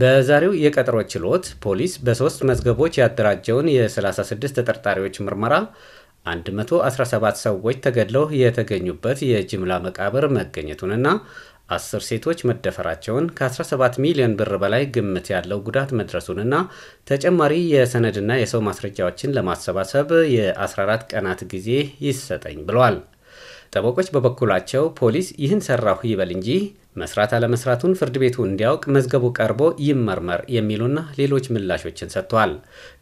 በዛሬው የቀጠሮ ችሎት ፖሊስ በሶስት መዝገቦች ያደራጀውን የ36 ተጠርጣሪዎች ምርመራ 117 ሰዎች ተገድለው የተገኙበት የጅምላ መቃብር መገኘቱንና 10 ሴቶች መደፈራቸውን ከ17 ሚሊዮን ብር በላይ ግምት ያለው ጉዳት መድረሱንና ተጨማሪ የሰነድና የሰው ማስረጃዎችን ለማሰባሰብ የ14 ቀናት ጊዜ ይሰጠኝ ብለዋል። ጠበቆች በበኩላቸው ፖሊስ ይህን ሰራሁ ይበል እንጂ መስራት አለመስራቱን ፍርድ ቤቱ እንዲያውቅ መዝገቡ ቀርቦ ይመርመር የሚሉና ሌሎች ምላሾችን ሰጥቷል።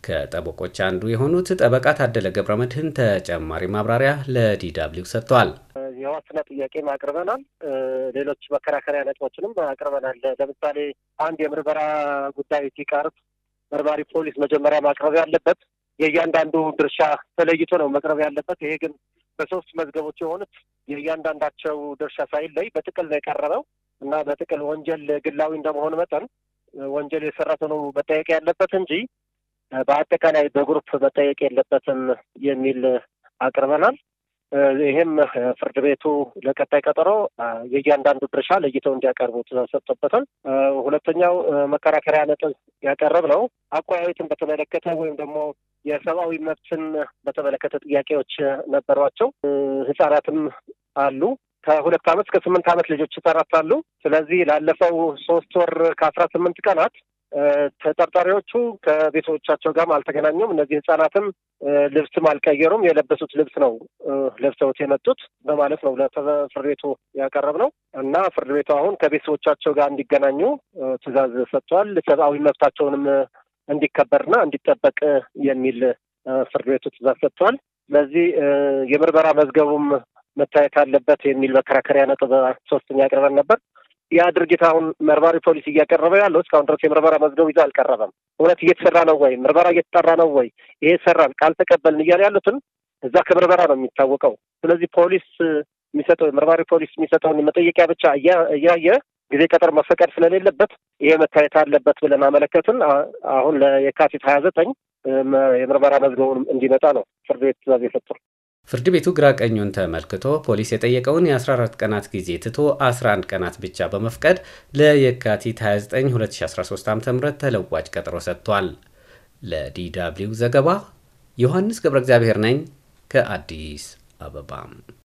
ከጠበቆች አንዱ የሆኑት ጠበቃ ታደለ ገብረ መድህን ተጨማሪ ማብራሪያ ለዲዳብሊው ሰጥቷል። የዋስትና ጥያቄም አቅርበናል። ሌሎች መከራከሪያ ነጥቦችንም አቅርበናል። ለምሳሌ አንድ የምርመራ ጉዳይ ሲቀርብ መርማሪ ፖሊስ መጀመሪያ ማቅረብ ያለበት የእያንዳንዱ ድርሻ ተለይቶ ነው መቅረብ ያለበት። ይሄ ግን በሶስት መዝገቦች የሆኑት የእያንዳንዳቸው ድርሻ ሳይለይ በጥቅል ነው የቀረበው እና በጥቅል ወንጀል ግላዊ እንደመሆኑ መጠን ወንጀል የሰረተ ነው መጠየቅ ያለበት እንጂ በአጠቃላይ በግሩፕ መጠየቅ የለበትም የሚል አቅርበናል። ይህም ፍርድ ቤቱ ለቀጣይ ቀጠሮ የእያንዳንዱ ድርሻ ለይተው እንዲያቀርቡ ትዕዛዝ ሰጥቶበታል። ሁለተኛው መከራከሪያ ነጥብ ያቀረብ ነው አቋያዊትን በተመለከተ ወይም ደግሞ የሰብአዊ መብትን በተመለከተ ጥያቄዎች ነበሯቸው። ህጻናትም አሉ ከሁለት አመት እስከ ስምንት ዓመት ልጆች ህጻናት አሉ። ስለዚህ ላለፈው ሶስት ወር ከአስራ ስምንት ቀናት ተጠርጣሪዎቹ ከቤተሰቦቻቸው ጋርም አልተገናኙም። እነዚህ ህጻናትም ልብስም አልቀየሩም። የለበሱት ልብስ ነው ለብሰውት የመጡት በማለት ነው ለፍርድ ቤቱ ያቀረብ ነው። እና ፍርድ ቤቱ አሁን ከቤተሰቦቻቸው ጋር እንዲገናኙ ትዕዛዝ ሰጥቷል። ሰብአዊ መብታቸውንም እንዲከበርና እንዲጠበቅ የሚል ፍርድ ቤቱ ትዕዛዝ ሰጥቷል። ስለዚህ የምርመራ መዝገቡም መታየት አለበት የሚል መከራከሪያ ነጥብ ሶስተኛ ያቀርበን ነበር። ያ ድርጅት አሁን መርማሪ ፖሊስ እያቀረበ ያለው እስካሁን ድረስ የምርመራ መዝገብ ይዞ አልቀረበም። እውነት እየተሰራ ነው ወይ? ምርመራ እየተጠራ ነው ወይ? ይሄ ሰራን ካልተቀበልን እያለ ያሉትን እዛ ከምርመራ ነው የሚታወቀው። ስለዚህ ፖሊስ የሚሰጠው መርማሪ ፖሊስ የሚሰጠውን መጠየቂያ ብቻ እያየ ጊዜ ቀጠር መፈቀድ ስለሌለበት ይሄ መታየት አለበት ብለን አመለከትን። አሁን ለየካቲት ሀያ ዘጠኝ የምርመራ መዝገቡን እንዲመጣ ነው ፍርድ ቤት ትእዛዝ የሰጡን። ፍርድ ቤቱ ግራ ቀኙን ተመልክቶ ፖሊስ የጠየቀውን የ14 ቀናት ጊዜ ትቶ 11 ቀናት ብቻ በመፍቀድ ለየካቲት 29 2013 ዓ.ም ተለዋጭ ቀጠሮ ሰጥቷል። ለዲ ዘገባ ዮሐንስ ገብረ እግዚአብሔር ነኝ ከአዲስ አበባ